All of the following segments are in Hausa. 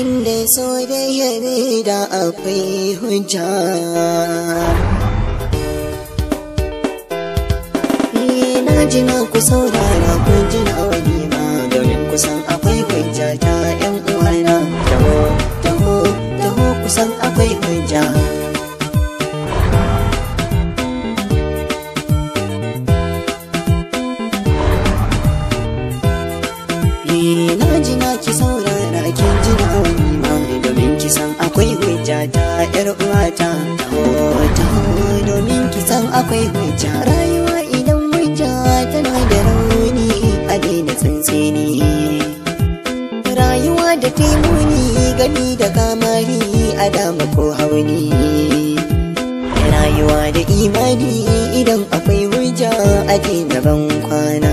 inda so da yabe da akwai hujja jina ku saurara ku jina wani ma domin kusan akwai hujja ta yan uwana taho taho taho kusan akwai hujja akwai rayuwa idan huja tana da rauni a daina tsantseni rayuwa da taimuni gani da kamari a dama ko hauni rayuwa da imani idan akwai hujja a daina ban kwana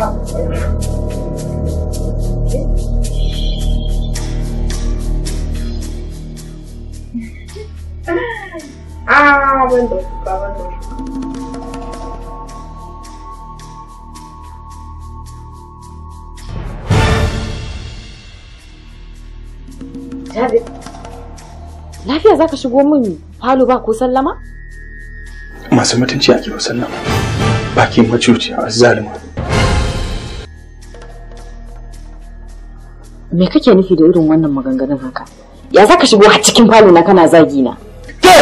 Ah, lafiya za ka shigo min falo ba ko sallama? Masu mutunci ake wa sallama, macuci a azzalima. me kake nufi da irin wannan maganganun haka ya zaka shigo har cikin falo na kana zagi na ke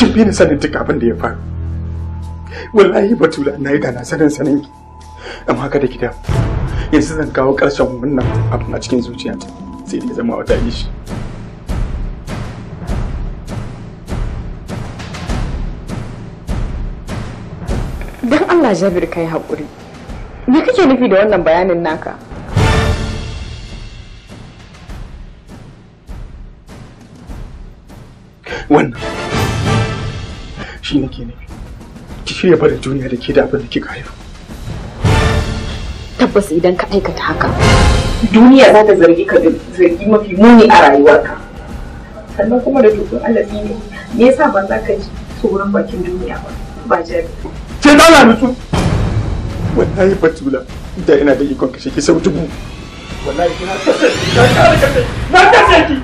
kin fi ni sanin duk abin da ya faru wallahi batula na yi da na sanin sanin ki amma kada ki damu yanzu zan kawo ƙarshen wannan abin a cikin zuciyata sai dai zama wata ishi don Allah Jabir kai haƙuri me kake nufi da wannan bayanin naka wannan shi nake ne ki shirya barin duniya da ke da abin da kika haifa tabbas idan ka aikata haka duniya za ta zargi ka zargi mafi muni a rayuwarka sannan kuma da dokar alabi ne me yasa ba za ka ji tsoron bakin duniya ba ba jari ce da na nutsu wallahi batula da ina da ikon kashe ki sau dubu wallahi kina na kashe ki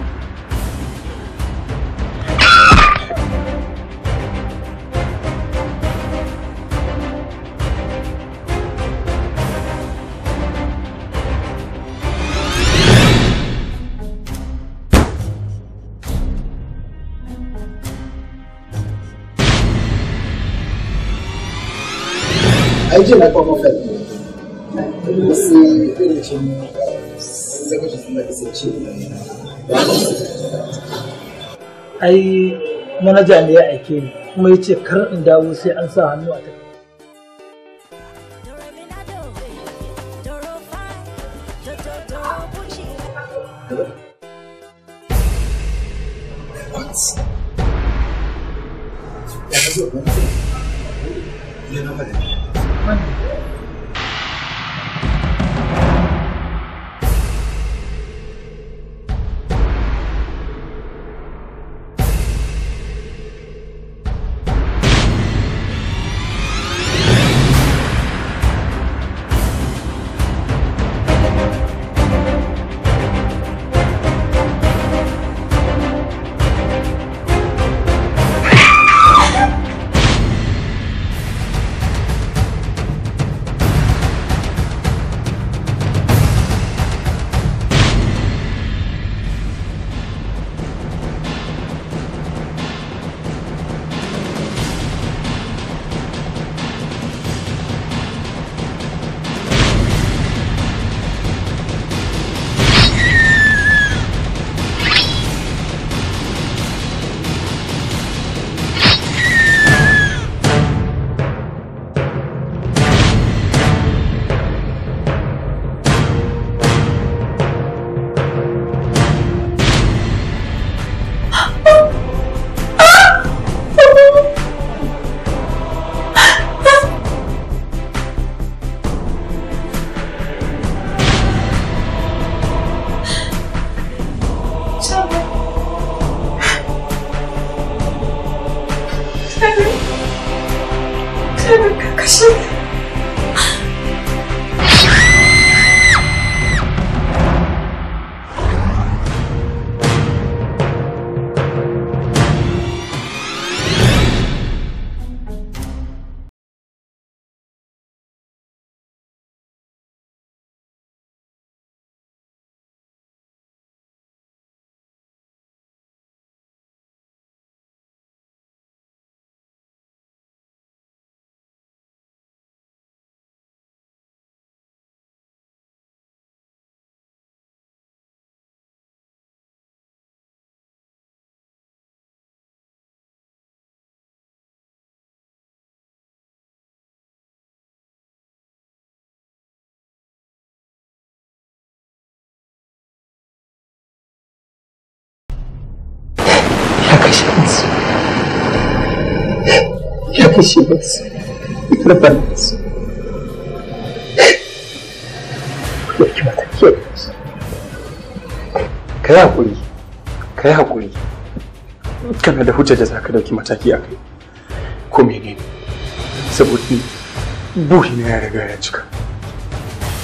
ai ne ya aike ni kuma ya ce kar in dawo sai an sa hannu a What? kashe ba su karfar da su ka yi haƙuri ka yi haƙuri kana da hujjar da za ka ɗauki mataki a kai ko menene saboda buhi na ya riga ya cika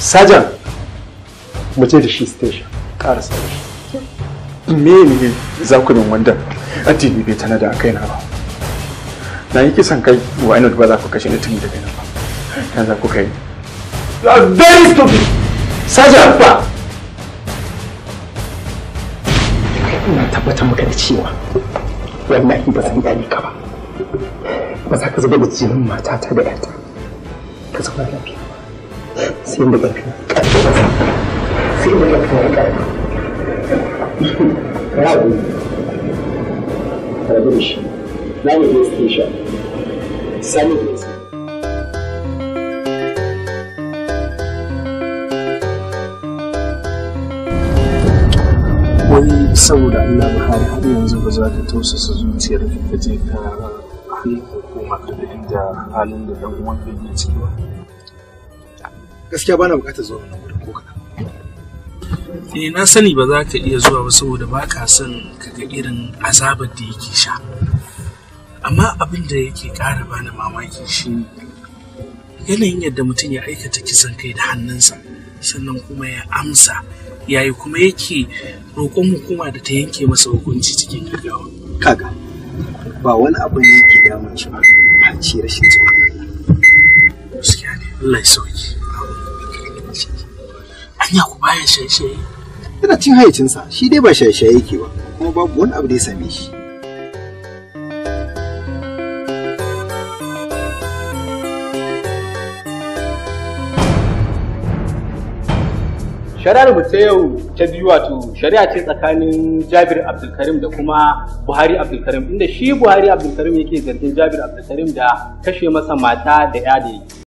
sajan mu je da shi station ƙarasa da shi me ne za ku min wanda addini bai tana da a kai na ba na yi kisan kai wa ainihin ba za ku kashe mutum da kai ba ya za ku kai you are very stupid saja ba ina tabbatar maka da cewa wallahi ba zan gani ka ba ba za ka zuba da jinin ta da yata ka zauna lafiya sai da ka sai da ƙarfi ya ƙarfi ya ƙarfi ya ƙarfi za mu je station sani wani saboda Allah ba har har yanzu ba za ka tausasa zuciyar ka je ka hannun hukuma ka da inda halin da ɗan uwan ka ke ba. Gaskiya bana bukatar zuwa na wurin ko kaɗan. Eh na sani ba za ka iya zuwa ba saboda ba ka son ka ga irin azabar da yake sha. amma abin da yake ƙara bani mamaki shi yanayin yadda mutum ya aikata kisan kai da hannunsa sannan kuma ya amsa yayi kuma yake roƙon hukuma da ta yanke masa hukunci cikin gaggawa kaga ba wani abu ne yake da shi ba ci rashin tsoron gaskiya ne Allah ya sauki anya ku baya shaye-shaye yana cin hayacinsa shi dai ba shaye-shaye yake ba kuma babu wani abu da ya same shi shari'ar mu ta yau ta biyu wato shari'a ce tsakanin Jabir Abdulkarim da kuma Buhari Abdulkarim inda shi Buhari Abdulkarim yake zargin Jabir Abdulkarim da kashe masa mata da ya da yake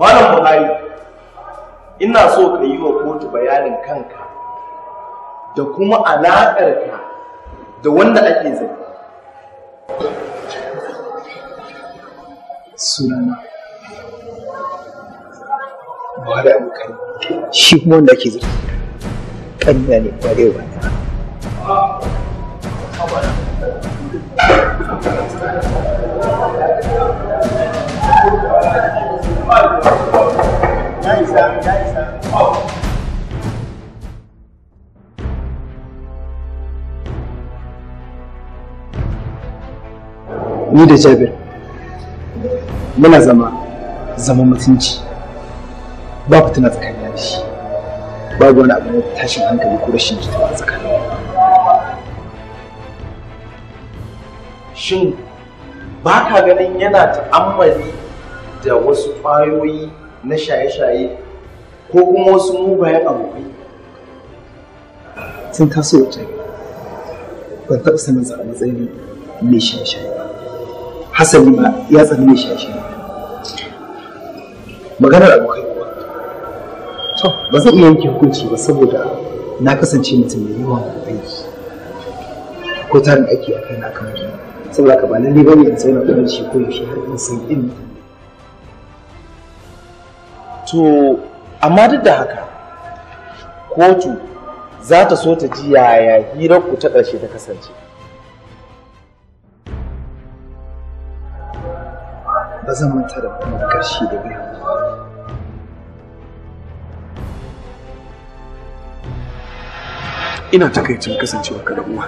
malam buhari ina so ka yi wa kotu bayanin kanka da kuma alaƙarka da wanda ake zai sunana buhari abokai shi kuma wanda ake zai ƙanya ne Thank ah. you. ni da jabir muna zama zaman mutunci ba fitina tsakanin shi babu wani abu na tashin hankali ko rashin jituwa a tsakanin shin ba ka ganin yana ta'ammali da wasu ƙwayoyi na shaye-shaye ko kuma wasu mugayen abubuwa. sun taso wacce ban taɓa sanin sa a matsayin mai shaye-shaye ba hasali ma ya tsani mai shaye-shaye maganar abokai kuwa to ba zan iya yanke hukunci ba saboda na kasance mutum mai yawan aiki ko tarin aiki a kai na kamar saboda ka ba lalle ne yanzu, zauna da shi ko yaushe har in san inda to amma duk da haka kotu za ta so ta ji yaya hirar ku ta ƙarshe ta kasance ba zan manta da kuma ƙarshe da biyu ina takaicin kasancewa ka da uwa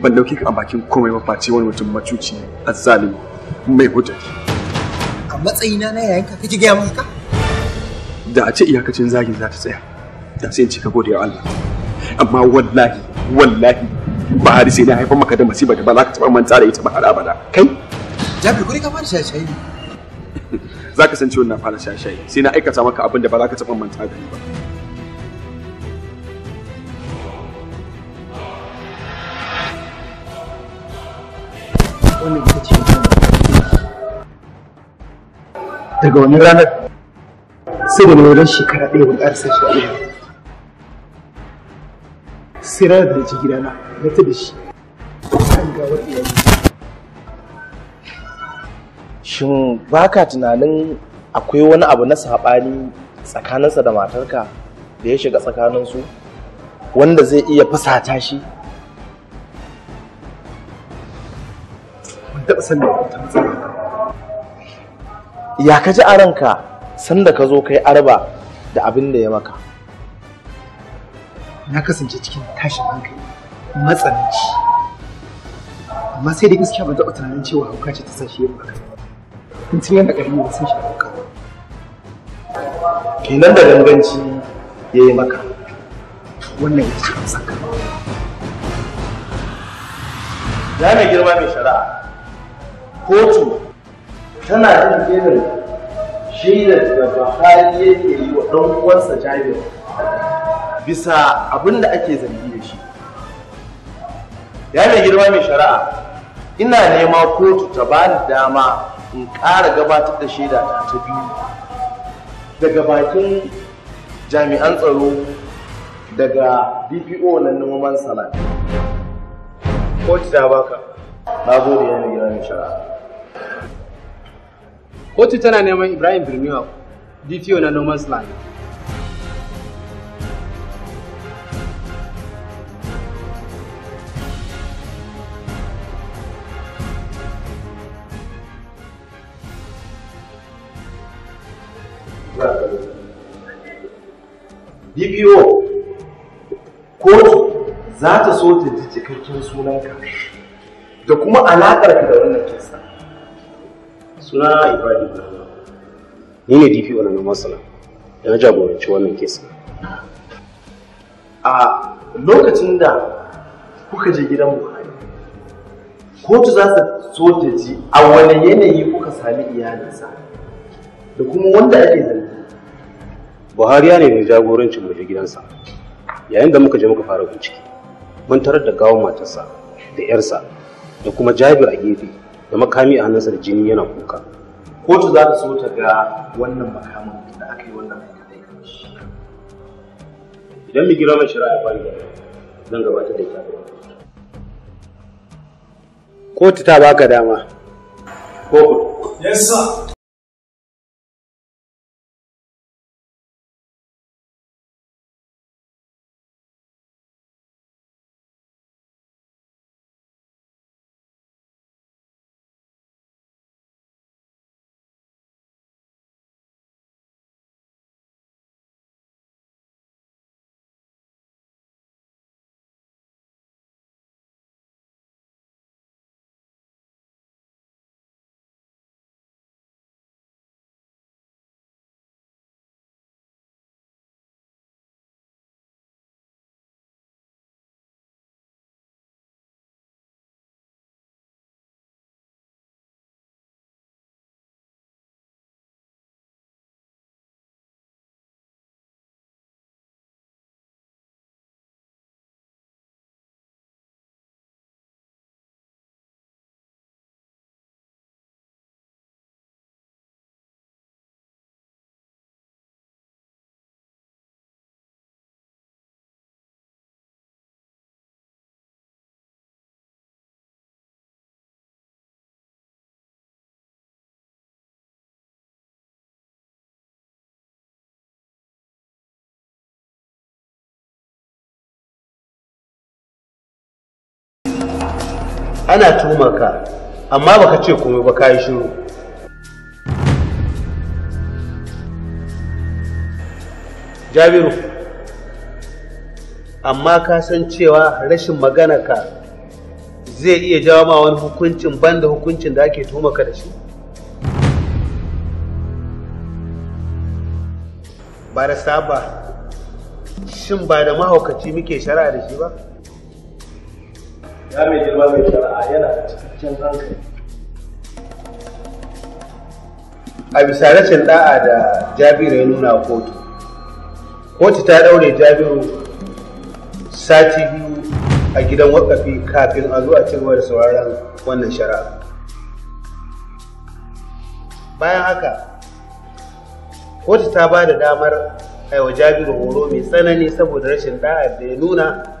ban dauke ka a bakin komai ba face wani mutum macuci azzalimi mai hujjaji matsayina na yayinka kake gaya min haka da a ce iyakacin zagin za ta tsaya da sai in ce ka gode wa Allah amma wallahi wallahi ba har sai na haifar maka da masiba da ba za ka taɓa manta da ita ba har abada kai jabi kuri ka fara shaye-shaye ne za ka san ciwon na fara shaye-shaye sai na aikata maka abin da ba za ka taɓa manta da ni ba wannan ita ce daga wani ranar sai da wani shekara ɗaya ba ƙarsa shi a ɗaya sai ranar da ji gidana na ta da shi kan gawar iyali shin ba ka tunanin akwai wani abu na saɓani tsakaninsa da matarka da ya shiga tsakaninsu wanda zai iya fusata shi ban taɓa sanin wata matsala ya ka ji a ranka sanda ka zo kai arba da abin da ya maka na kasance cikin tashin hankali matsananci amma sai da gaskiya ban taɓa tunanin cewa hauka ce ta sashi yin haka mutum yana ƙarfi ne sun shiga hauka kenan da ganganci ya yi maka wannan ya ce saka ya mai girma mai shari'a kotu tana jin irin shaidar da Buhari yake yi wa ɗan uwansa Jabir bisa abinda da ake zargi da shi. Ya mai girma mai shari'a, ina nema kotu ta ba ni dama in ƙara gabatar da shaida ta biyu daga bakin jami'an tsaro daga DPO na noman salat. Kotu ta baka. Na gode ya mai girma mai shari'a. kotu tana neman ibrahim birniwa dto na noman's land DPO kotu za ta so ta ji cikakken sunanka da kuma alaƙarka da wannan kisa suna ibrahim ni ne dp na noman da na jagoranci wannan kesa a lokacin da kuka je gidan buhari kotu za su so ta ji a wani yanayi kuka sami iyalinsa da kuma wanda ake zargi buhari ya mai jagorancin mu je gidansa yayin da muka je muka fara bincike mun tarar da gawon matarsa da yarsa da kuma jabir a gefe da makami a hannunsa da jini yana kuka kotu za ta so ta ga wannan makamin da aka yi wannan idan mu gira mai ya fari zan gabatar da ita kotu ta baka dama ko yes sir ana tuma ka amma baka ce komai ba kayi shiru jabiru amma ka san cewa rashin magana ka zai iya jawo ma wani hukuncin banda hukuncin da ake tuma ka da shi ba saba shin ba da mahaukaci muke shari'a da shi ba ya mai girma mai shara'a yana cikakken hankali a bisa rashin da'a da jabiru ya nuna kotu kotu ta daure jabiru sati biyu a gidan wakafi kafin a zuwa a da sauraron wannan shara'a bayan haka kotu ta ba da damar aiwa jabiru horo mai tsanani saboda rashin da'a da ya nuna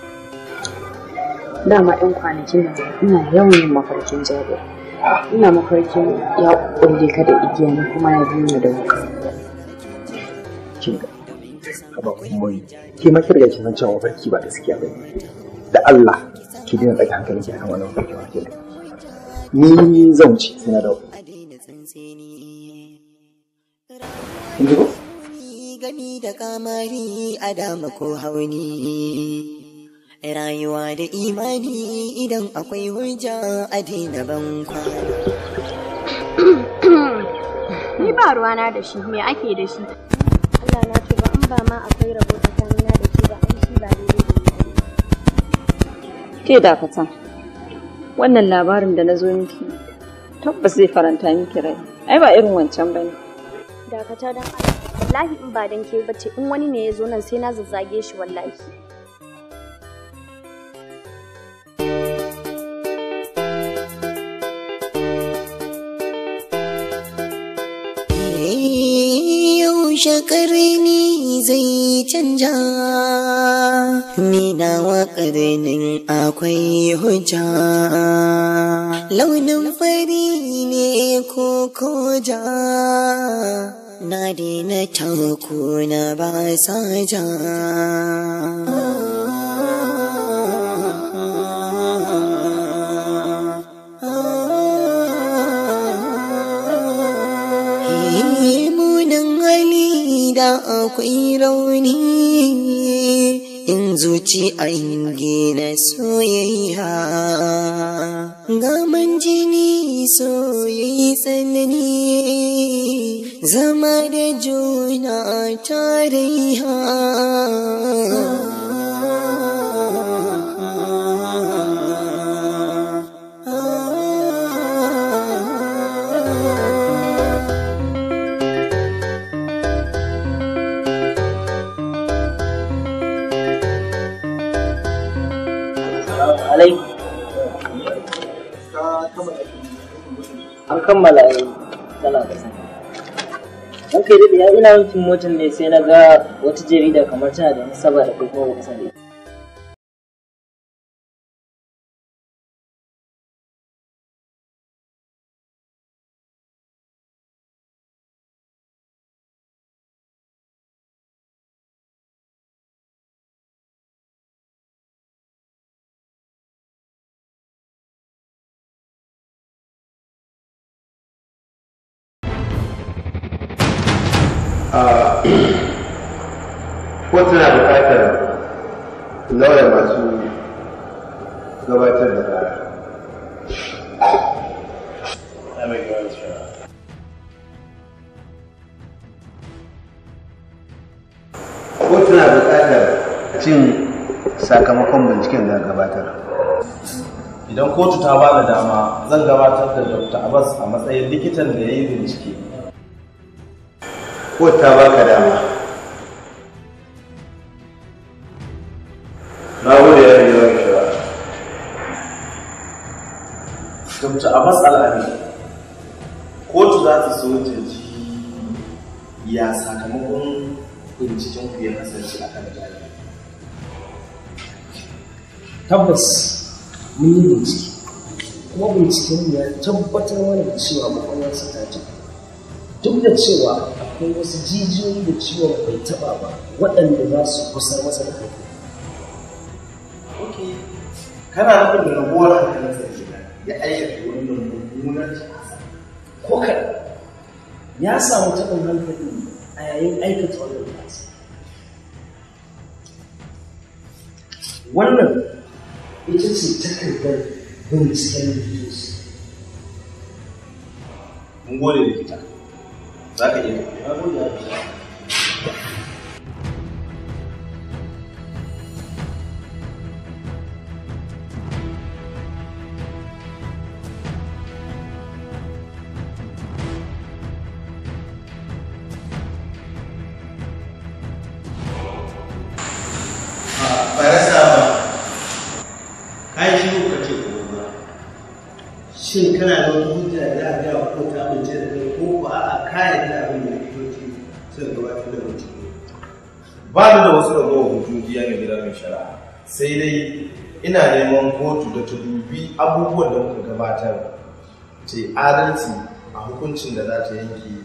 dama ɗan kwanakin da ina yawan yin mafarkin jabir ina mafarkin ya kulle ka da igiya ne kuma ya biyo da wuka kinga ba kuma ke ma kirga kin san cewa mafarki ba gaskiya ba da Allah ki dina daga hankalin ki akan wannan mafarki ba kenan ni zan ci sai na dawo gani da kamari a dama ko hauni rayuwa da imani idan akwai hujja a daina bankwa ni ba ruwana da shi me ake da shi Allah na ba in ba ma akwai rabo tsakanina da ke ba an shi ba daidai ke dakata wannan labarin da na zo miki tabbas zai faranta miki rai ai ba irin wancan ba ne dakata don Allah wallahi in ba dan ke bace in wani ne ya zo nan sai na zazzage shi wallahi Shakar ƙarni zai canja nawa ƙarnin akwai hujja launin fari ne ko koja na daina taku na ba sa ja da akwai rauni in zuci a na soyayya gaman jini soyayi tsanani zama da juna tarayya kammala yau tana da sanya. an kai daɗe ina yankin motar ne sai na ga wata jarida kamar tana da nasaba da kuma wasa ka daura masu gabatar da kara ko tana buƙatar cin sakamakon binciken da gabatar idan kotu ta ba da dama zan gabatar da dr abbas a matsayin likitan da ya yi bincike kotu ta ba ka dama na gode ya yi zan kira a abbas al'ami kotu za ta so ta ji ya sakamakon binciken ku ya kasance a kan jari? tabbas mun yi bincike kuma binciken ya tabbatar mana da cewa makwalarsa ta ji duk da cewa akwai wasu jijiyoyi da ciwon bai taba ba waɗanda za su kusa masa da hankali kana nufin da raguwar hankalinsa ke ya aikata wannan mummunar ta'asa ko kaɗan ya samu taɓin hankali a yayin aikata wannan ta'asa wannan ita ce takardar binciken likitoci mun gode likita za ka iya tafiya godiya ga gida mai shari'a sai dai ina neman kotu da ta dubi abubuwan da muka gabatar ce adalci a hukuncin da za ta yanke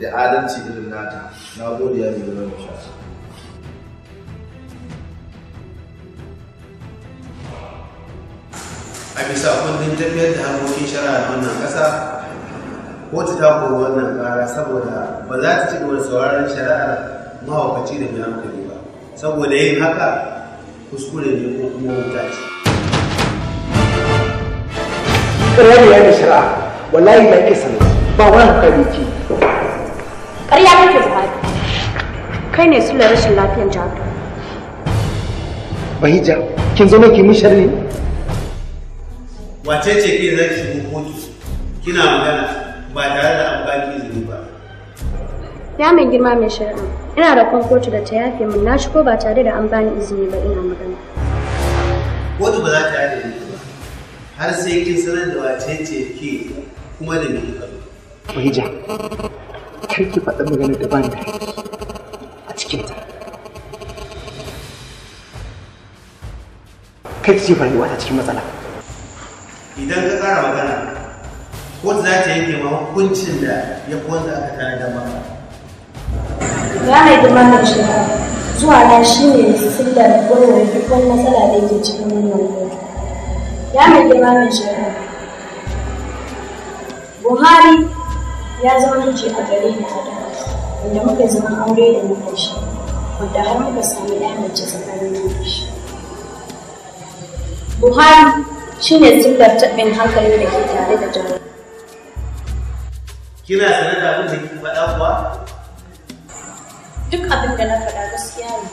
da adalci irin nata na godiya ga gidan mai shari'a a bisa kundin tafiyar da harkokin shari'a a wannan ƙasa kotu ta kori wannan ƙara saboda ba za ta ci gaba da sauraron shari'ar mahaukaci da mai hankali saboda yin haka kuskure ne ko kuma wuta ce ƙarya ne da shari'a wallahi da ke sanar ba wani kare ke ƙarya kake buhari kai ne su rashin lafiyan jihar bahija kin zama ki mun sharri wace ce ke zai shigo kotu kina magana ba tare da an baki izini ba ya mai girma mai shari'a ina da kwan kotu da ta yafe min na shigo ba tare da an bani izini ba ina magana kotu ba za ta yafe ni ba har sai kin sanar da wace ce ke kuma da me kika Bahija, kar ki faɗa magana da bani a cikin ta. Kar ki jefa rayuwa ta cikin matsala. Idan ka tsara magana, kotu za ta yanke ma hukuncin da ya kwanta aka tare da maka. ranar girman nan shekara zuwa na shi ne sillar wani dukkan matsala da yake cikin wannan kotu ranar girman nan shekara buhari ya zama miji a gare ni a da wanda muka zama aure da muka shi wanda har muka sami ɗaya mace tsakanin mu shi buhari shi ne sillar taɓin hankali da ke tare da jama'a kina sanar da abin da ke faɗa kuwa duk abin da na faɗa gaskiya ne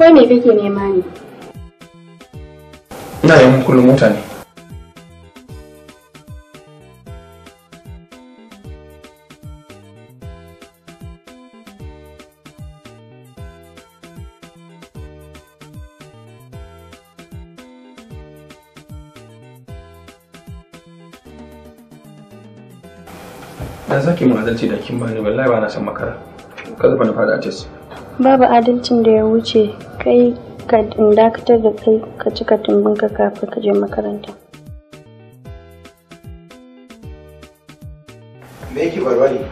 Ko me kake nema ne? Ina yin kullum mutane. zaki mun adalci da kin bani wallahi ba na san makara Ka zuba na fada a tes babu adalcin da ya wuce kai ka dakatar da kai ka cika tumbin ka kafin ka je makaranta me yake barwa ne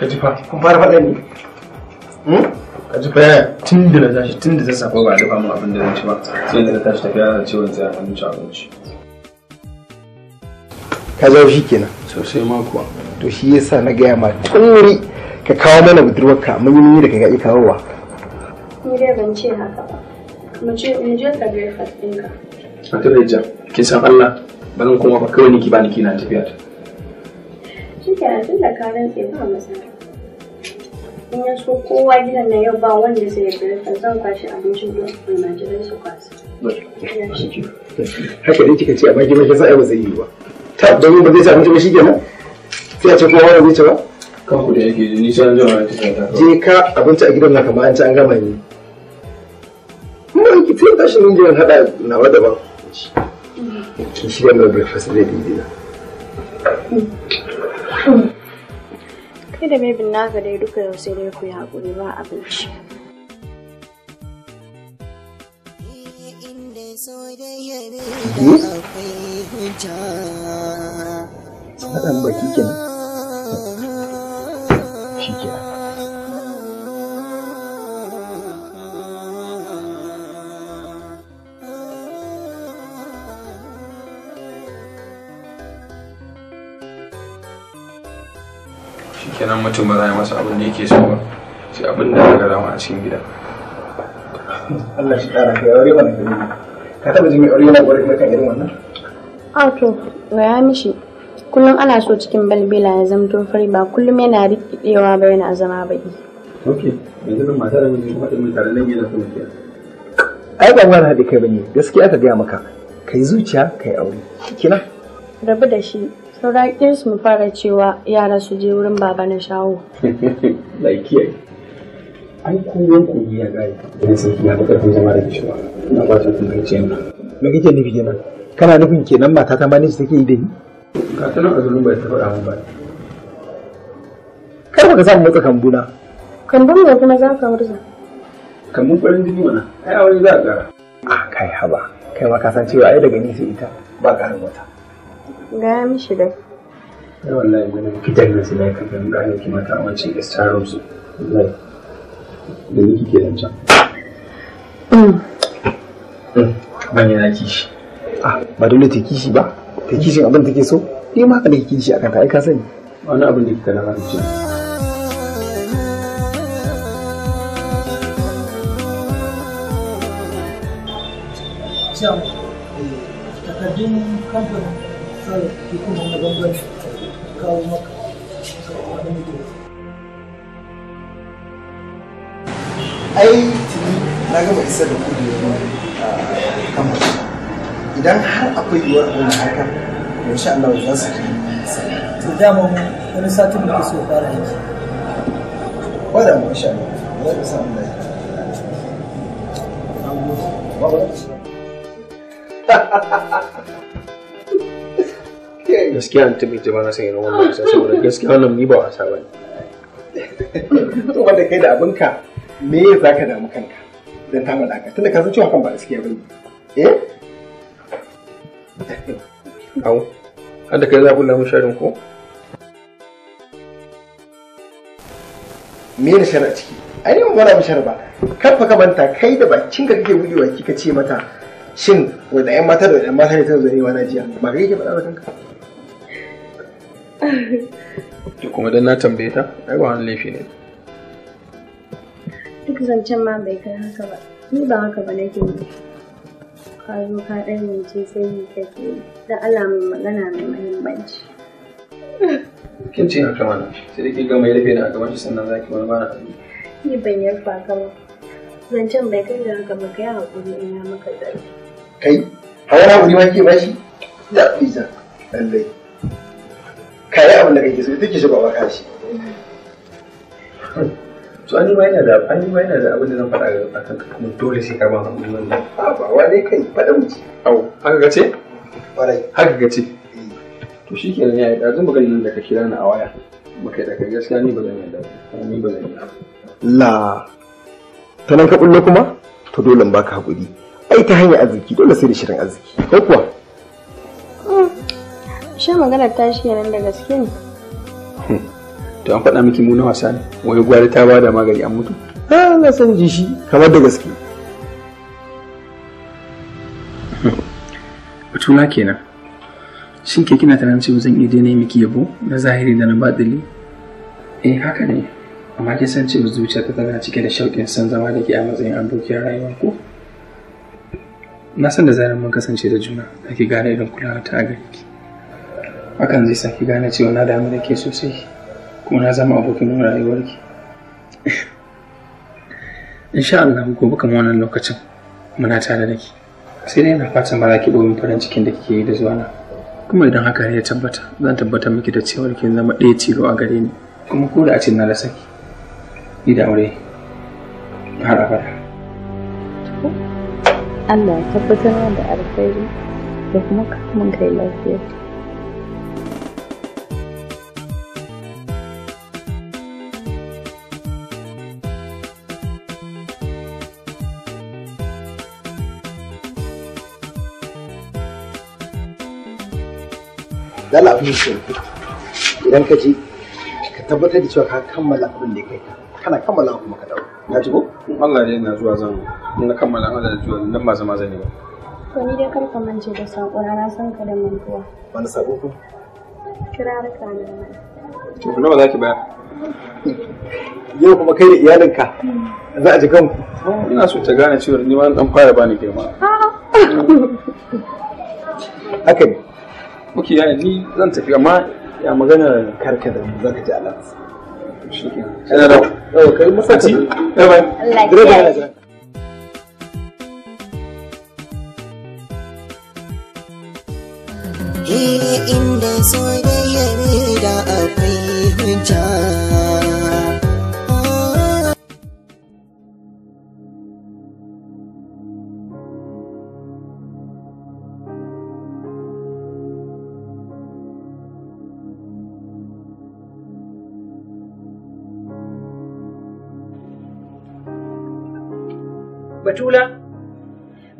ka ji fa kun fara faɗa ne hmm? ka ji fa yaya tun da na tashi tun da ta safa ba a dafa mu abin da zan ci ba sai da na tashi tafiya na ciwon zai abinci abinci ka zo shi kenan sosai ma kuwa to shi yasa na gaya ma tun wuri ka kawo mana budurwarka mun yi da ka ga kawowa ni dai ban ce haka ba mu je mu je ka bai fatinka a tare da kin san Allah ba zan ba kawai niki ba niki na tafiya ta shi ke tun da ka rantse ba masa in ya so kowa gidan na yau ba wanda zai yi breakfast zan kwashi abincin da na jiran su kwasa haka ne kika ce a baki za a yi ba zai yi ba ta domin ba zai ci abinci ba shi kenan sai a ce kuma zai ci ba kan da yake ji nisa an ta ta je ka abinci a gidan na kamar an ci an gama mun ki tashi mun ki breakfast da didi na kai da mai naka dai duka yau sai dai ku yi hakuri ba abinci so da haɗa baki kenan shi ke nan mutum ba za a masa abin da yake so ba sai abin da ya gara a cikin gida Allah shi kara kai aure ba ka taba jin mai aure yana gwarfi kan irin wannan a to ga ya mishi kullum ana so cikin balbila ya zamto fari ba kullum yana rikidewa ba yana zama baki ok yanzu nan mata da miji kuma ɗin mutane nan yana kuma kiyar ai ba wani haɗe kai bane gaskiya aka gaya maka kai zuciya kai aure kina rabu da shi saurakin su mu fara cewa yara su je wurin baba na shawo laiki ai kowan ku ya gaya idan sun kina ba karfin zama da kishiwa na ba ta kun kai ciyan nan me kake nufi kenan kana nufin kenan mata ta ma ne take yi da ni ka sanar a zurin bai ta faɗa mun ba kar ba ka samu matsa kambuna kambuna kuma za ka wurza kambun farin jini mana ai a wani za a tsara a kai haba kai ma ka san cewa ai daga nesa ita ba ka harbata ya mishi dai ai wallahi gani fitar da su dai kan kan gane ki mata a wancan extra room su da ni kike nan can mm. Mm. ban yana kishi ah ba dole ta kishi ba ta kishin abin take so ni ma kana kin shi a ta ai ka sani wani abin da kika lalata ce takardun kamfanin sai hukumar na gwamnati kawo maka wani mutum ai tuni na gama isa da kudi a kamar idan har akwai yiwuwar wani hakan insha Allah za su yi to dama wani satin da so fara aiki wanda mu insha Allah za mu samu da gaskiya an taɓa ita ba na sanya wannan wasa saboda gaskiya wannan ni ba wasa ba ne. To wanda kai da abinka me ya za ka damu kanka don ta faɗa ka tunda ka san cewa kan ba gaskiya ba ne. Eh? Awo. Hadda kai za ku lamun sharin ko? Me ne shara ciki? Ai ne magana mu shara ba. Kar fa ka banta kai da bakin ka kake gudewa kika ce mata shin wanda ƴan mata da ƴan mata ne ta zo ne wa jiya ba kai kake faɗa ba kanka. to kuma dan na tambaye ta ai ba wani laifi ne. Duk zancen ma bai kai haka ba. Ni ba haka ba nake yi. Ka zo ka ɗan ce sai ni kake yi. Da Allah mai magana mai muhimmanci. Kin ce haka mana, sai da ke gama ya rufe da a gaban shi sannan za ki wani bana. Ni ban yi ka ba. Zancen bai kai da haka ba ka yi haƙuri ina maka zarfi. Kai, hawa na guri ma ke bashi? Da pizza, lallai. Ka yi abin da kake so, take shiga baka ka shi. so, an ma yana da an ma yana da abin da zan faɗa a kan kuma dole sai ka ba haƙuri wannan. Ba wa dai kai faɗa mu ci. Au, haka ka ce? haka ka ce eh. to shi kenan ya yi ɗazin magana nan da ka kira ni a waya baka da kai gaskiya ni ba zan yarda ni ba zan yarda la ta nan ka ɓulle kuma to dole ba ka haƙuri, ai ta hanyar arziki dole sai da shirin arziki ko kuwa hmm. shin magana ta shi nan da gaske ne hmm. to an faɗa miki mu na wasa ne wani gwari ta bada magani an mutu ha ah, na san ji shi kamar da gaske suna kenan Shin ke kina tunanin cewa zan iya daina miki yabo na zahiri da na baɗili eh haka ne amma ke san cewa ta tana cike da shauƙin san zama da ke a matsayin abokiyar rayuwar ko na san da zarar mun kasance da juna da ke gane irin kulawa ta a gare ki hakan zai saki gane cewa na damu da ke sosai kuma na zama abokin rayuwarki insha Allah gobe kamar wannan lokacin muna tare da ki sai dai na fatan ba za ki farin cikin da kike yi da zuwa na kuma idan haka ya tabbata zan tabbata miki da cewa kin zama ɗaya tilo a gare ni kuma ko da a ce na rasa ki ni da aure har abada Allah ya tabbatar da alkhairi da kuma kamun kai lafiya application idan ka ji, ka tabbatar da cewa ka kammala abin da kai kana kammala kuma ka dawo na ji ko Allah ne na zuwa zan na kammala Allah da zuwa nan ba zama zan yi ba to ni dai kar ka mance da sako na san ka da mantuwa wani sako ko kirarka ne to za ki bayar yau kuma kai da iyalinka za a ji kanku ina so ta gane cewa ni ma dan fara bani girma ah. haka ne ok ya ni zan tafi amma ya magana karka da mu zaka ji alat Shikenan. ke da. Oh, kai musa ci. bye bye Allah ya inda soyayyar da akwai hujja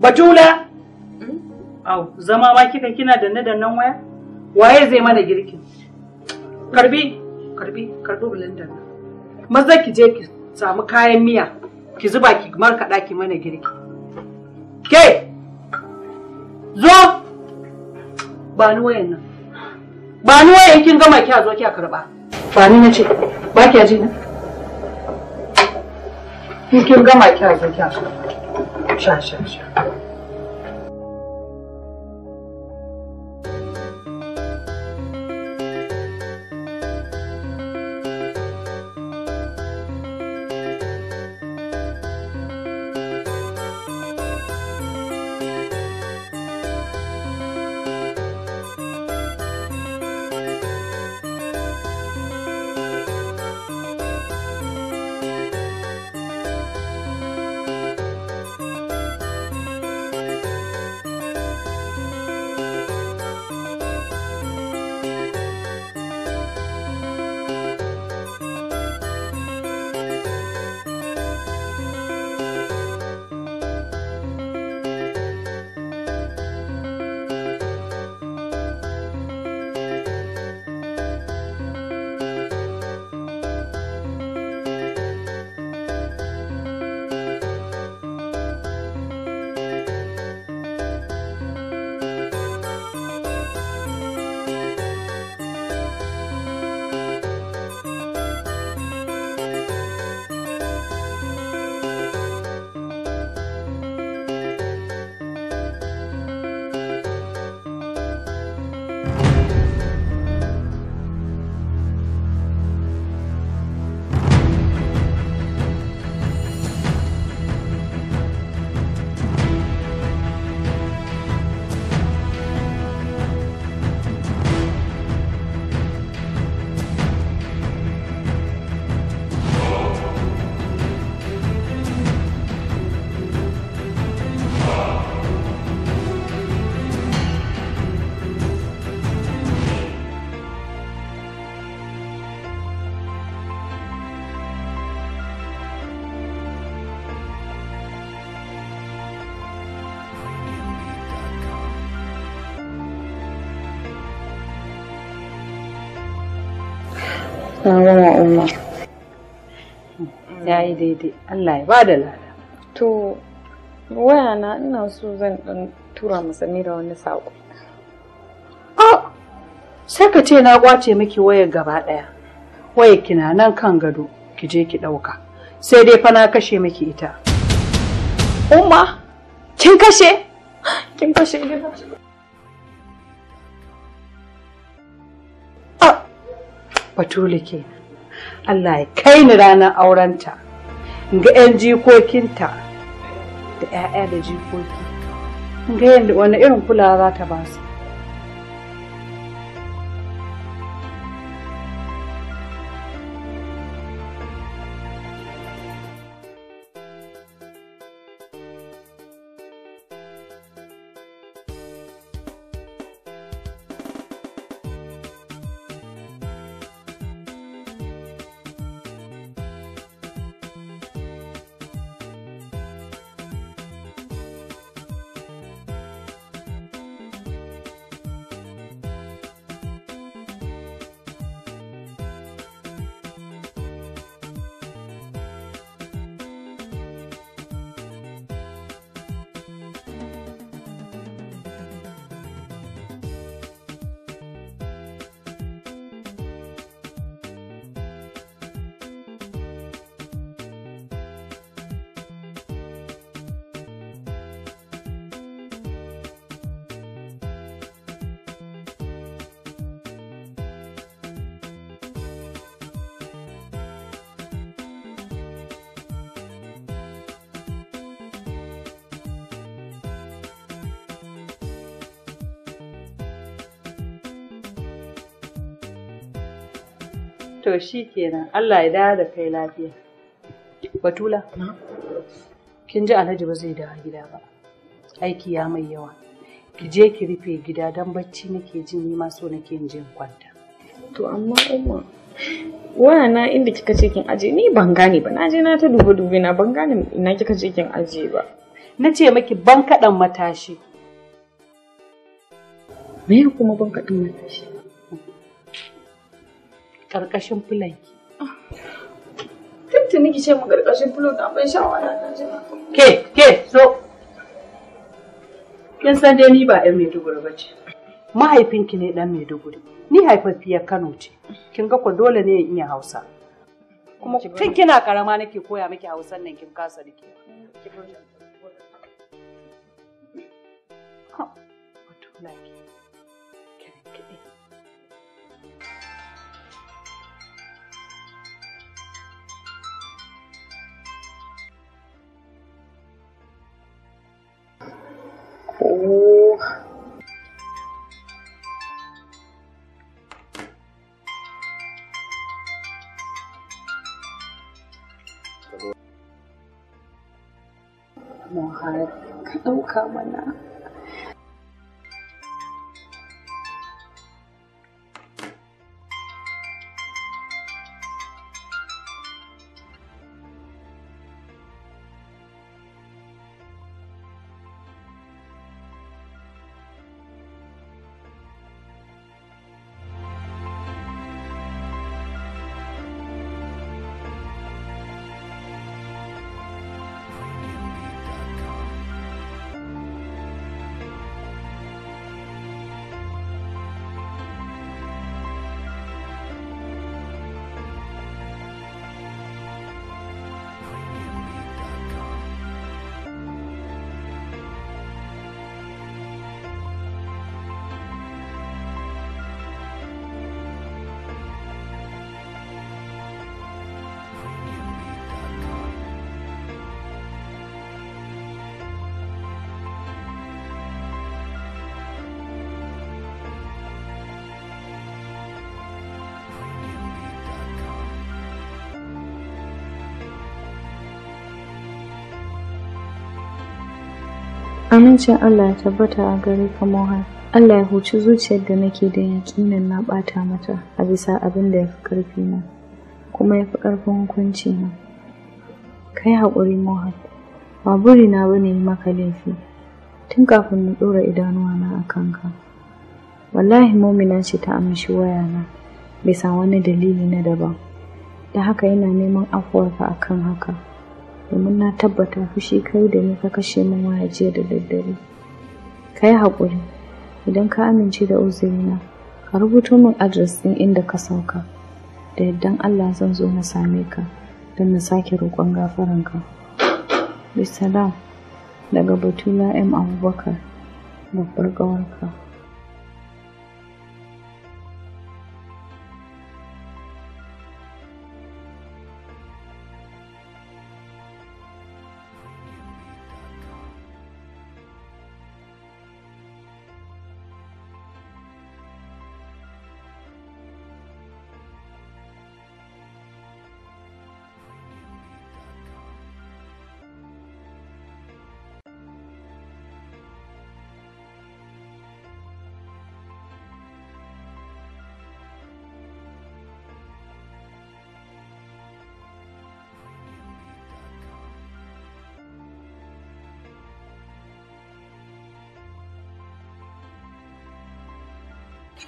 Batula! Hmm? Au, zama ma kika kina danne dannan waya? Waye zai mana girkin? Karbi, karbi, karbi blender Maza ki je ki samu kayan miya, ki zuba ki markaɗa ki mana girki. Ke! Zo! Ba ni wayan nan. Ba ni wayan kin gama ki a zo ki a karɓa. Ba ni na ce, ba ki ji na? Kin gama ki a zo ki a karɓa. 行行行。Na gama umma. Ya yi daidai. Allah ya bada lada. To, waya na ina so zan ɗan tura masa da wani saƙo. Oh, sai ka ce na kwace miki waya gaba ɗaya. Wayar kina nan kan gado, ki je ki ɗauka. Sai dai fa na kashe miki ita. Umma, kin kashe? Kin kashe ita. fatuli Allah ya kai ni ranar aurenta ga 'yan jikokinta da 'ya'ya da jikoki ga yadda wani irin kulawa za ta ba su To shi kenan Allah ya dawo da kai lafiya. Batula, kin ji Alhaji ba zai dawo gida ba. Aiki ya mai yawa. Ki je ki rufe gida don bacci nake jin ni ma so nake in jin kwanta. To amma umma wannan na inda kika ce kin aje ni ban gane ba na je na ta dubi dubu na ban gane ina kika ce kin aje ba. Na ce maki ban kaɗan matashi. Me kuma ban kaɗan matashi? ƙarƙashin ki. Tuntuni ki ce mu ƙarƙashin fulo na ban shawara na jira. Ke, ke, so. Kin san dai ni ba ɗan Maiduguri ba ce. Mahaifinki ne ɗan Maiduguri. Ni haifaffiyar Kano ce. Kin ga ko dole ne in iya Hausa. Kuma tun kina karama nake koya miki Hausan nan kin kasa rike. Ki bar Oh. Amincin Allah ya tabbata a gare ka Mohan. Allah ya huci zuciyar da nake da yaƙinin na ɓata mata a bisa abin da ya fi ƙarfi na kuma ya fi ƙarfin hukunci na. Kai haƙuri Mohan, ba na ba ne maka laifi tun kafin na ɗora na a kanka. Wallahi momina ce ta amshi waya na bisa wani dalili na daban, da haka yana neman afuwarka akan haka. domin na tabbata fushi kai da ni ka kashe min waya jiya da daddare ka yi haƙuri idan ka amince da uzurina ka rubuto min adres ɗin inda ka sauka da yaddan allah zan zo na same ka don na sake roƙon gafaranka bisalam daga batula m abubakar babbar ƙawarka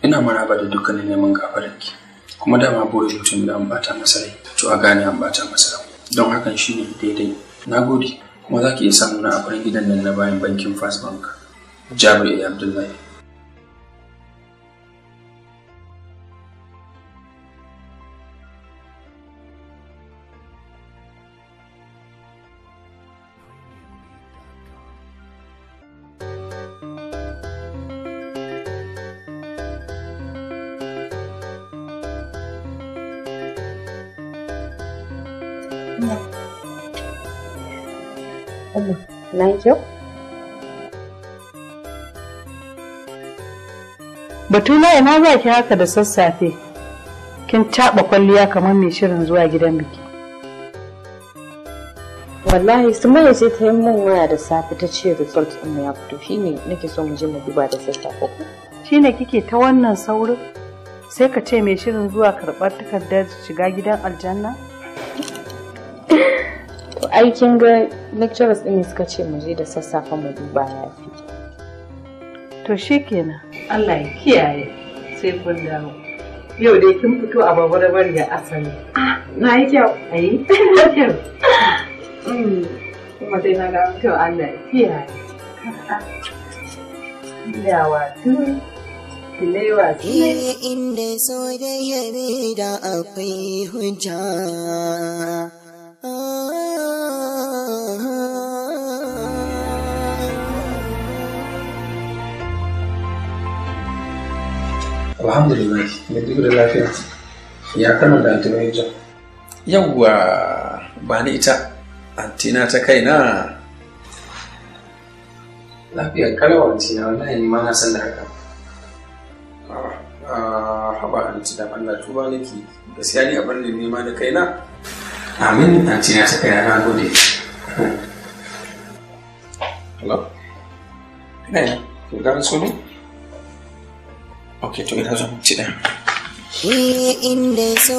ina maraba da dukkanin neman gafararki kuma dama boye mutum da an bata masa rai to a gane an bata masa don hakan shine daidai na gode kuma za ki iya samu na a gidan nan na bayan bankin first bank jabir abdullahi Niger? Batula ina za ki haka da sassafe, kin taɓa kwalliya kamar mai shirin zuwa gidan biki. Wallahi Sumayya sai ta yi min waya da safe ta ce result ɗin ya fito shine nake so mu je mu duba da sassafe. Shine kike ta wannan saurin? Sai ka ce mai shirin zuwa karɓar takardar shiga gidan aljanna? Aikin ga lecturers din ne suka ce mu je da sassafe mu duba fi. to shikenan Allah ya kiyaye sai kun dawo yau dai kin fito a babbar ya asali ah, na yi kyau ayi kyau mm, kuma sai na ga kyau Allah ya kiyaye Yawa tun kilewa tun. Inda so da akwai hujja. alhamdulillah da duk da lafiya ya yawwa ba ni ita antina ta na. lafiyar kalawar antina wallahi ni ma na san da haka ah, ah, haba antina Allah tuba nake gaskiya ni a bar ne ma kai kaina amin a cina ta kai na gode hello ina ina ki ga su ne to ina zo ci da inda so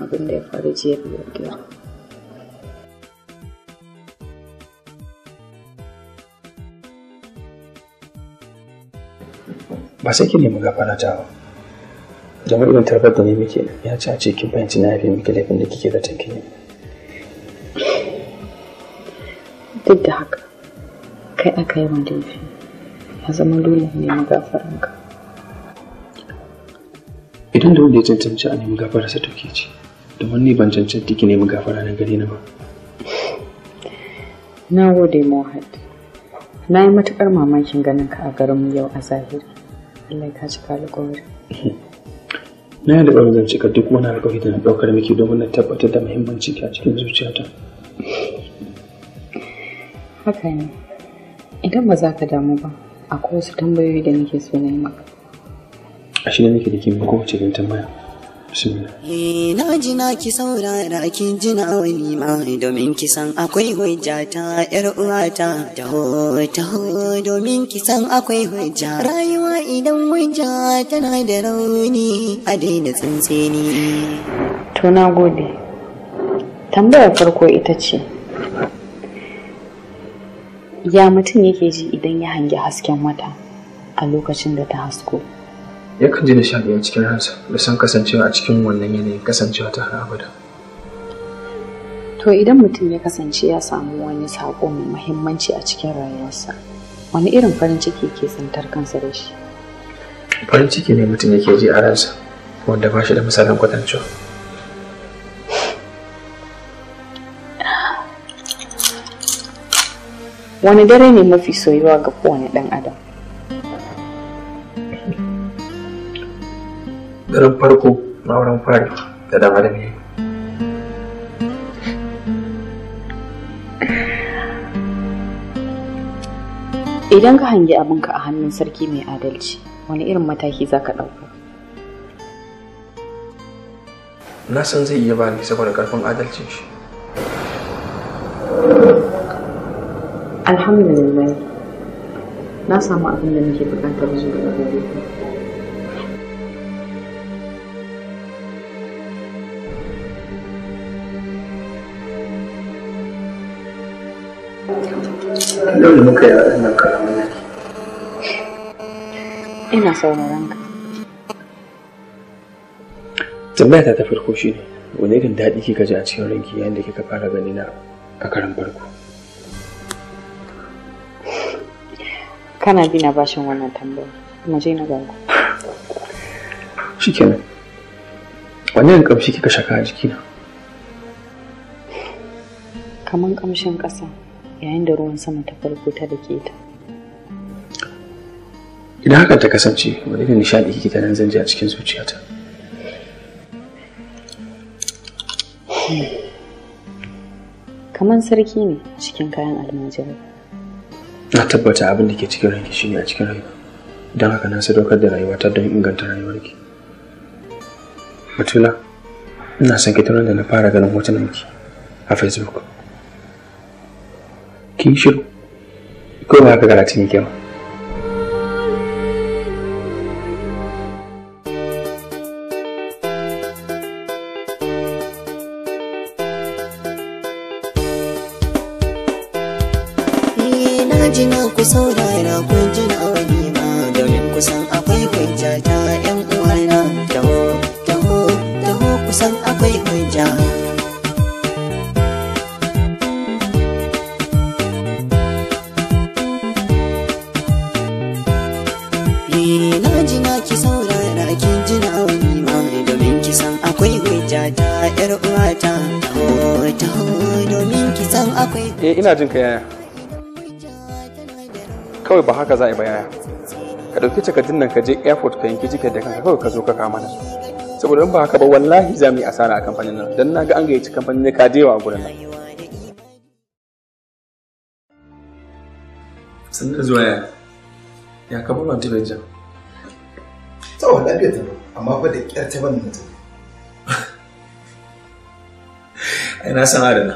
akan ya faru jiya biyar biyar ba sai ki nemi gafara ta ba jama'a irin tarbar da ni muke ya ci a cikin kin fahimci na yi miki laifin da kike da tanki duk da haka kai aka yi wa laifi ya zama dole ne ka idan da wanda ya cancanci a nemi gafara sa take ce domin ni ban cancanci ki nemi gafara na gare ni ba na gode mohad na yi matukar mamakin ganin ka a garin mu yau a zahiri Allah ka cika alƙawari na yi da zan cika duk wani alƙawari da na ɗaukar miki domin na tabbatar da muhimmanci a cikin zuciyata haka ne idan ba za ka damu ba akwai wasu tambayoyi da nake so na yi maka a shi nake da kin ko ce tambaya eh, Na ji na ki saurara kin ji na wani ma domin ki san akwai hujja ta ƴar uwata taho taho domin ki san akwai hujja rayuwa idan hujja tana da rauni a daina tsinsini. To na gode. Tambayar farko ita ce ya mutum yake ji idan ya hangi hasken wata a lokacin da ta hasko. yakan ji nishadi a cikin ransa da san kasancewa a cikin wannan yanayin kasancewa ta har abada to idan mutum ya kasance ya samu wani saƙo mai muhimmanci a cikin rayuwarsa wani irin farin ciki ke tsintar kansa da shi farin ciki ne mutum yake ji a ransa wanda ba shi da misalin kwatancewa wani dare ne mafi soyuwa ga kowane ɗan adam daren farko na wurin fari da dan adam idan ka hangi abinka a hannun sarki mai adalci wani irin mataki za ka ɗauka na san zai iya bani saboda karfin adalcin shi alhamdulillah na samu abin da nake bukatar zuwa da ka Dole muka yi waɗannan karamin nake. Ina sauraron ka. Tambaya ta farko shi ne, wani irin daɗi kika gaji a cikin ranki yayin da kika fara gani na a karan farko? Kana bi na bashin wannan tambaya mu je na ganku. Shikenan. Wani irin ƙamshi kika shaka a jikina? Kaman ƙamshin ƙasa. yayin da ruwan sama ta farko ta dake ta idan haka ta kasance wani ne nishaɗi kike ganin zan ji a cikin zuciyata kamar sarki ne cikin kayan almajirai na tabbata abin da ke cikin ranki shine a cikin rayuwa don haka na sadaukar da rayuwata don inganta rayuwarki mutula ina son ki da na fara ganin hotunanki a facebook Kishu. shiru kawai haka karatun yake takardun nan ka je airport ka yanki jikin da kanka kawai ka zo ka kama nan saboda in ba haka ba wallahi za mu yi asara a kamfanin nan dan ga an gayyaci kamfanin ne ka dewa a gurin nan sun da zuwa ya ya ka bar wanti benjan tsawon lafiya ta amma fa da kyar ta ban mutum ai na san adana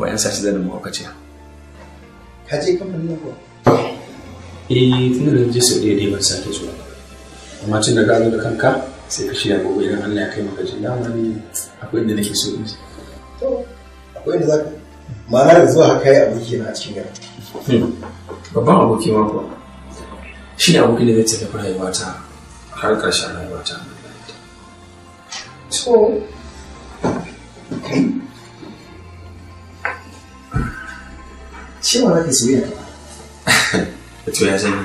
wayan sashi zanin mahaukaciya ka je kamfanin nan ko eh tun da je sau ɗaya dai ban sake zuwa amma tun da gano da kanka sai ka shirya gobe idan Allah ya kai maka jin dama ne akwai inda nake so in ji to akwai inda zaka ma har zuwa haka yi aboki na cikin gari hmm. babban aboki ma kuwa shi ne abokin da zai tafi rayuwata har ƙarshen rayuwata to Cewa za ka yi soyayya da to ya sani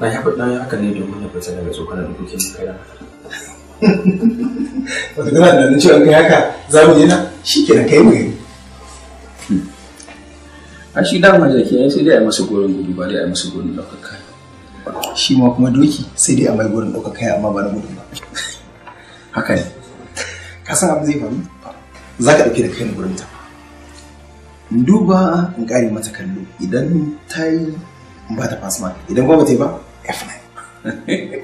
na ya faɗa ya haka ne domin ya fita daga tsokanar dokokin kada wata gana da nan an kai haka za mu dena shi ke kenan kai mu gani a shi dama jaki ya sai dai a masa gurin gudu ba dai a masa gurin ɗaukar kaya shi ma kuma doki sai dai a mai gurin ɗaukar kaya amma ba na gudu ba haka ne ka san abin zai faru za ka ɗauke da kai na gurin ta duba in ƙare mata kallo idan ta yi in ba ta fasma idan kuma ba ta yi ba f9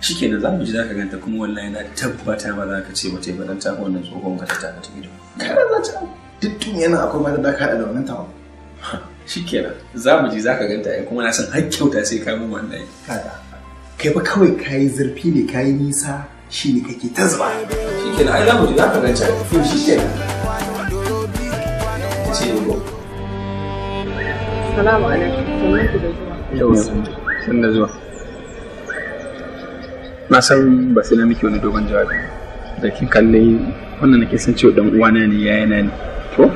shi ke da za mu ji za ka ganta kuma wallahi yana tabbata ba za ka ce ba ta yi ba don taɓa wannan tsohon ka ta taka ta ido kada za ta duk yana akwai mata da ka haɗa da wannan tawa shi da za mu ji za ka ganta ya kuma na san har kyauta sai ka mun wannan kada kai ba kawai ka yi zurfi ne ka yi nisa shi ne kake ta zuba shi da ai za mu ji za ka ganta shi kenan ce ba Assalamu alaikum. da Na san ba sai wani dogon jawabi. Da kin kalli wannan nake san cewa dan uwana ne ya ne. To?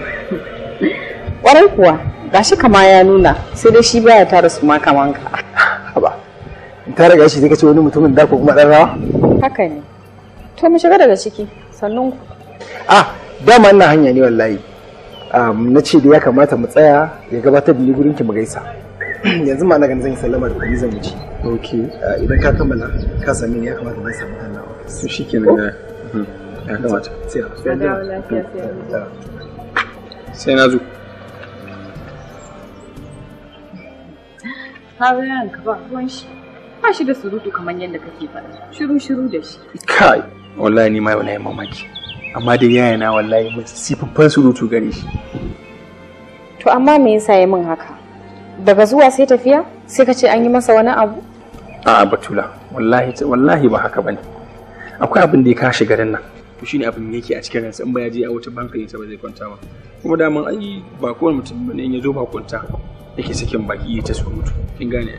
Warai kuwa gashi kama ya nuna sai dai shi baya tara su ma kaman ka. Haba. In tara gashi sai wani mutumin da ko kuma dan rawa? Haka ne. shiga daga ciki sannan ku. Ah, dama hanya ne wallahi. na ce da ya kamata mu tsaya ya gabatar da ni gurin ki mu gaisa yanzu ma na ganin zan yi sallama da kuma zan wuce ok idan ka kammala ka sami ya kamata zan samu kan nawa su shi ke nan hmm. ya kamata sai hmm. na zu ka bayan ka ba ruwan shi ba shi da surutu kamar yadda kake faɗa shiru shiru da shi kai wallahi ni ma yau na yi mamaki amma da yaya na wallahi sifuffan surutu gare shi to amma me yasa ya min haka daga zuwa sai tafiya sai ka ce an yi masa wani abu a batula wallahi wallahi ba haka bane akwai abin da ya kashi garin nan to shine abin da yake a cikin ransa in ba ya je a wata bankin ne ba zai kwanta ba kuma da mun ai ba kowane mutum bane in ya zo ba kwanta yake sakin baki ta surutu kin gane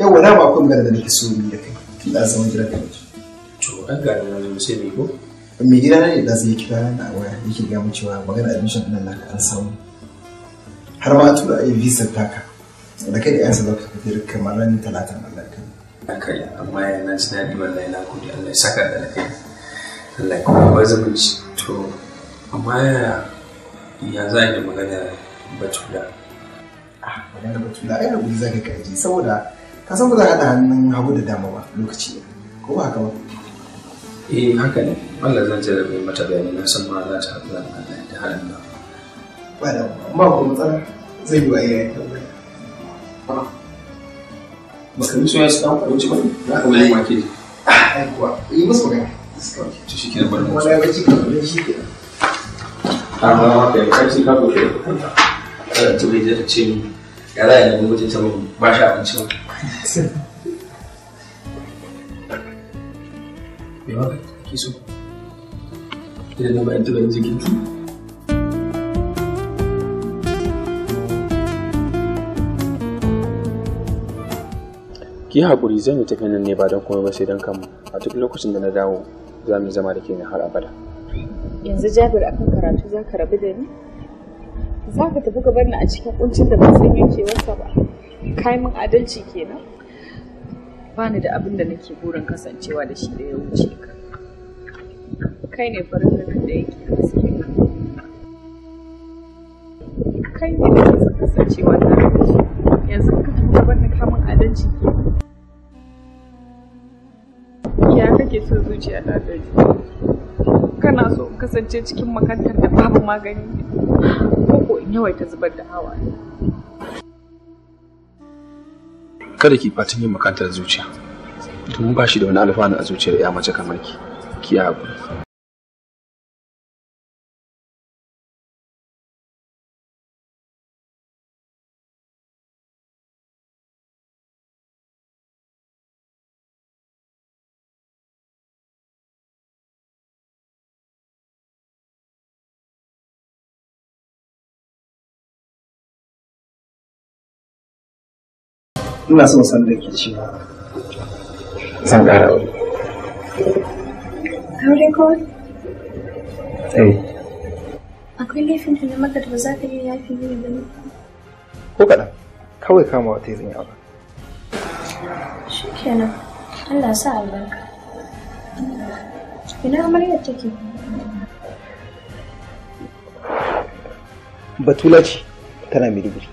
yau na ba kun da nake so ni da kai tun da zaman jira kai to an ga da nan sai me ko mai gida na ne da zai kira na waya yake ga mu cewa magana admission din nan an samu har ma tura a yi visa taka da kai da yan sa zaka fitar kamar ran talatin Allah kai akai amma yana ji daɗi wallahi na gode Allah ya saka da kai Allah ya kuma ba zumunci to amma ya za a yi magana batula ah magana batula ai da guri zaka kaji saboda kasan ba za ka haɗa hannun hagu da dama ba lokaci ne ko ba haka ba eh haka ne Allah zan ce jarabe mata bayani na san ma za ta haɗu da Allah ta halin ba ba da ba ko matsala zai yi waye iyayen tambaya ba ka miso ya su ɗan abinci ba za ka wani wake ne ah, ai kuwa yi musu magana ci shi kenan bari mu wani abinci ka bari shi kenan a ba ma ka yi kai ka gobe ka ta bai da ce ya za a yi na gwamnati ta ba shi abinci ba so. ki haƙuri zan yi tafiya nan ne ba don kuma ba sai don kanmu a duk lokacin da na dawo za mu zama da ke har abada yanzu jabir akan karatu za ka rabu da ni za ka tafi ka bar ni a cikin kuncin da ba sai yankewarsa ba kai min adalci kenan bani da abin da nake burin kasancewa da shi da ya wuce ka kai ne farin ganin da yake haske kai ne da kasa kasancewa da shi yanzu ka tuka bani kamun adalci kenan ya kake so zuciya ta gaji kana so in kasance cikin makantar da babu magani ko ko in yawaita zubar da hawaye kada ki fatan yin makantar zuciya domin ba shi da wani alfanu a zuciyar ya mace kamar ki ki abu ina son san da ke cewa zan ƙara aure. Aure ko Eh. Akwai laifin da maka da ba za ka iya yafi ne, ba ne? Ko kaɗan, kawai kama wata yi zan ba aure. Shi kenan, Allah sa albarka. Ina amarya take? Batula ce tana Maiduguri.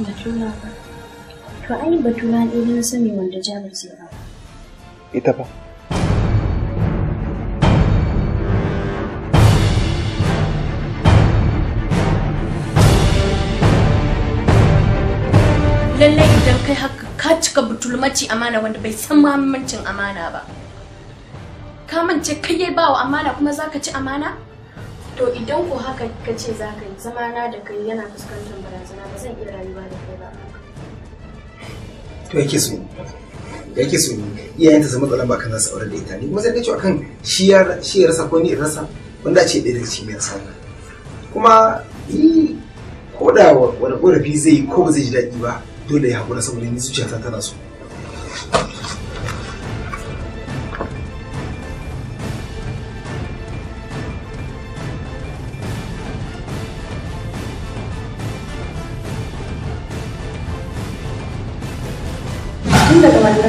Batula ba. To ai batura ɗaya na sani wanda Jabir zai ba. Ita ba. Lallai idan kai haka ka cika butulmaci amana wanda bai san muhimmancin amana ba. Ka mance kai yai bawa amana kuma za ka ci amana? To idan ko haka ka ce za ka yi zamana da kai yana fuskantar barazana ba zan iya rayuwa da kai ba. to yake so yake so iyayenta zama matsalan ba rasa saurar da ita ne kuma sai ta ce akan shi ya shi ya rasa ko ni rasa wanda ce ɗaya daga cikin yan kuma ni ko da wani ƙorafi zai ko ba zai ji daɗi ba dole ya haƙura saboda ni zuciyata tana so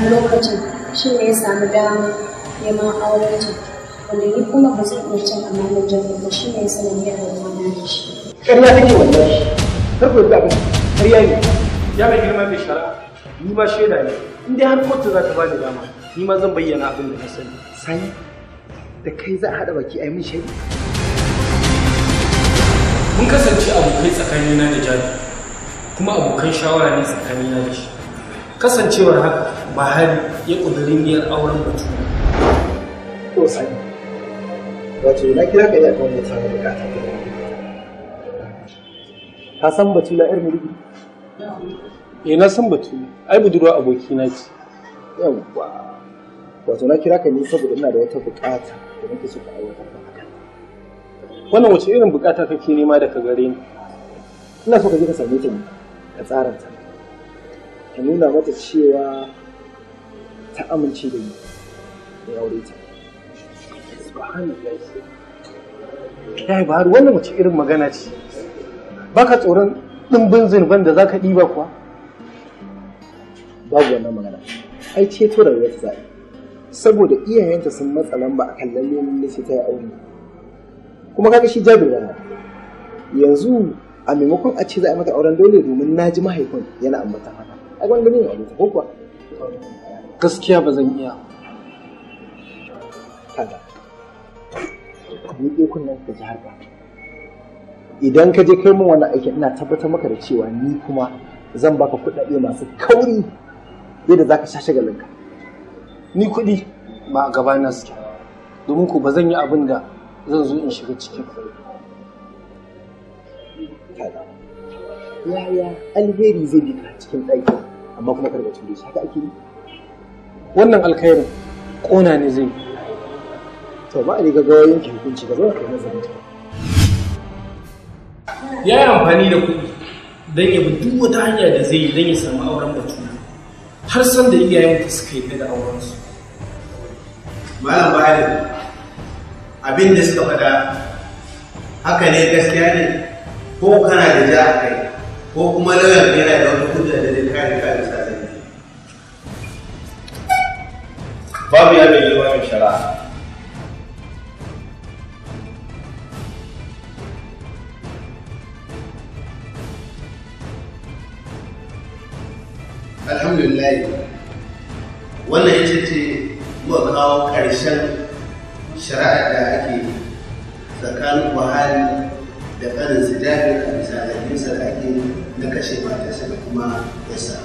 wannan lokacin shi ne ya samu damar neman auren ta wanda ni kuma ba zan iya cin amanar jami'a ba shi ne ya sanar da rabuwa da shi. ƙarya take wannan shi kar ku yi abin ƙarya ne ya mai girma mai shara ni ba shaida ne in dai har kotu za ta ba da dama ni ma zan bayyana abin da na sani. sai da kai za a haɗa baki a yi min shaida. mun kasance abokai tsakanina da jami'a kuma abokan shawara ne tsakanina da shi kasancewar haka mahari ya ƙudurin biyar auren mutum. Ko Sani, wato na kira ka yi a da wata samun bukata. Ka san batu na irin rubi? Eh na san batu, ai budurwa abokina ce. Yawwa, wato na kira ka ne saboda ina da wata bukata da nake so ka aiwatar da haka. Wannan wace irin bukata kake nema daga gare ni? Ina so ka je ka same ta ne, ka tsara ta. Ka nuna mata cewa ta amince da ni da aure ta kai ba wannan mace irin magana ce baka tsoron dimbin zinban da zaka diba kuwa babu wannan magana ai ce tura rayuwar ta zai saboda iyayenta sun matsa lamba akan lalle mun ne ta yi aure kuma kaga shi jabir ba yanzu a maimakon a ce za a mata auren dole domin na ji mahaifin yana ambata haka a gwanda ne a ko kuwa gaskiya ba zan iya kada buɗe kunnen ka ji harka idan ka je kai min wannan aiki ina tabbatar maka da cewa ni kuma zan baka kuɗaɗe masu kauri yadda zaka sha shagalinka ni kuɗi ba a na suke domin ku ba zan yi abin da zan zo in shiga cikin yaya alheri zai bi cikin ɗakin amma kuma karkacin da shi haka ake yi wannan alkhairin ƙona ne zai to ba a riga gawa yanke hukunci da ba ka ta ya yi amfani da kuɗi don ya bi duk wata hanya da zai yi don ya samu auren batuna har san da iyayen ta suka yi da aurensu malam bayan abin da suka faɗa haka ne gaskiya ne ko kana da ja a kai ko kuma lauyan yana da wani hujja babu ya yi wani shari'a alhamdulillah wannan ita ce muka kawo ƙarshen shari'a da ake tsakanin buhari da ƙarin su a bisa zarginsa da na kashe matarsa da kuma sa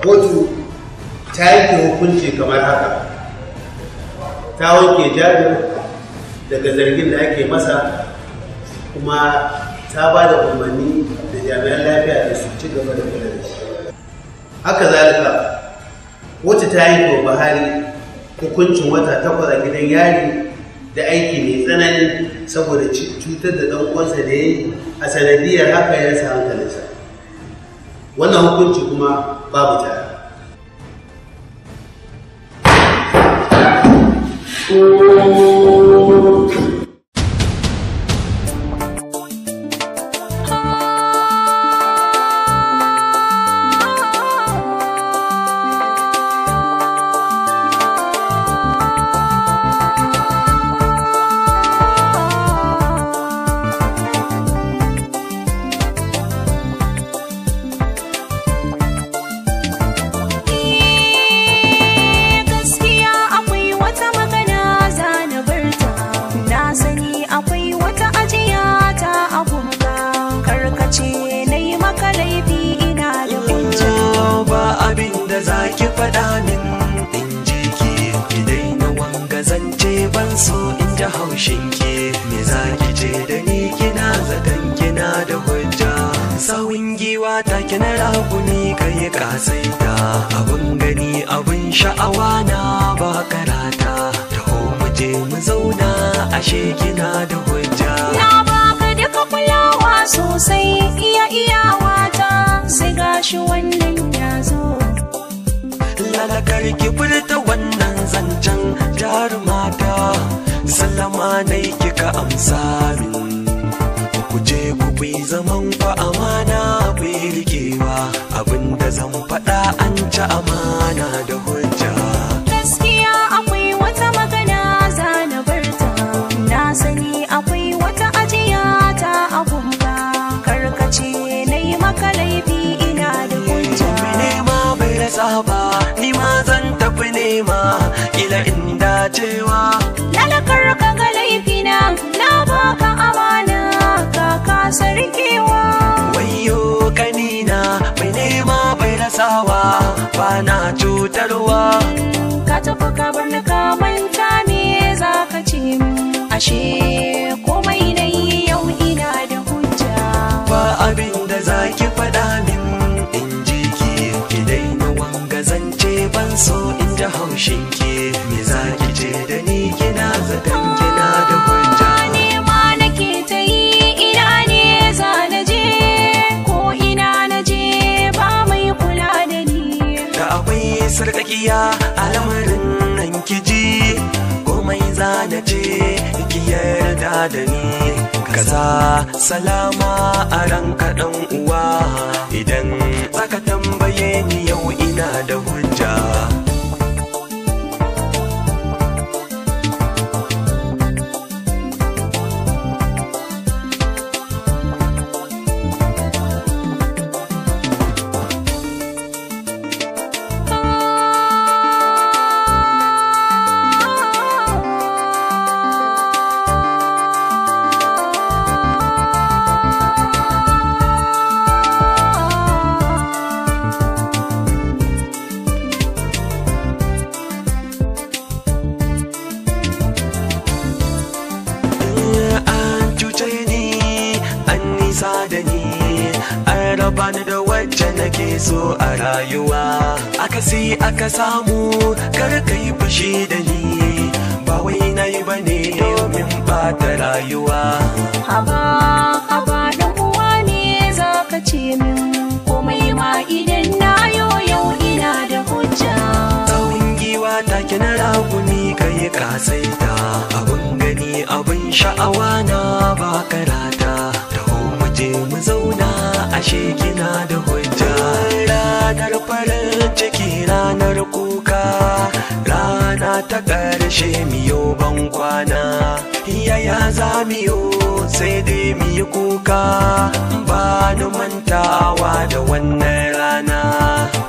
kotu ta yanke hukunci kamar haka ta wanke jari daga zargin da ake masa kuma ta ba da umarni da jami'an lafiya da su ci gaba da kula da shi haka zalika wacce ta yi wa buhari hukuncin wata takwas a gidan yari da aiki mai tsanani saboda cutar da ɗan uwansa da ya yi a sanadiyar haka ya sa hankalinsa wannan hukunci kuma babu tare Música ki me za ki ce da ni kina zaton kina da kwanja ne nake tayi ina ne za je ko ina na je ba mai kula da ni da akwai sarkakiya a lamarin nan ki ji komai za na ce ki yarda da ni kaza salama a ranka dan uwa idan aka ka samu kar ka yi fashe da ni ba wai na yi ba ne domin ba ta rayuwa haba haba da kuwa ne za ka ce min komai ma idan na yau ina da hujja tsawon giwa ta kina raguni ka yi kasaita abun gani abun sha'awa na ba karata da mu je mu zauna ashe kina da hujja ranar farin ranar kuka rana ta ƙarshe miyo ban kwana yaya za miyo sai dai miyi kuka ba ni mantawa da wannan rana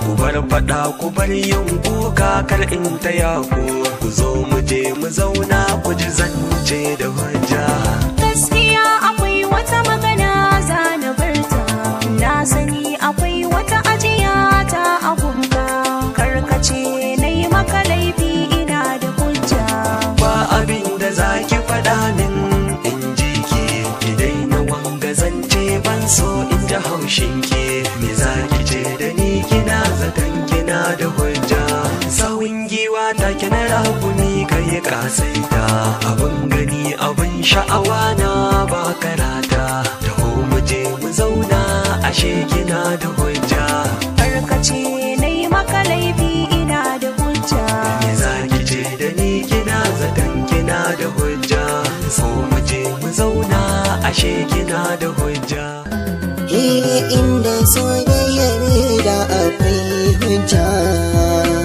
ku bar faɗa ku bar yin kuka kar in taya ku ku zo mu je mu zauna ku ji zance da hujja kasaita abin gani abin sha'awa na ba karata taho mu je mu zauna ashe gina da hujja na yi maka laifi ina da hujja me ki je da ni gina zaton kina da hujja so mu je mu zauna ashe gina da hujja eh inda soyayyar da akwai hujja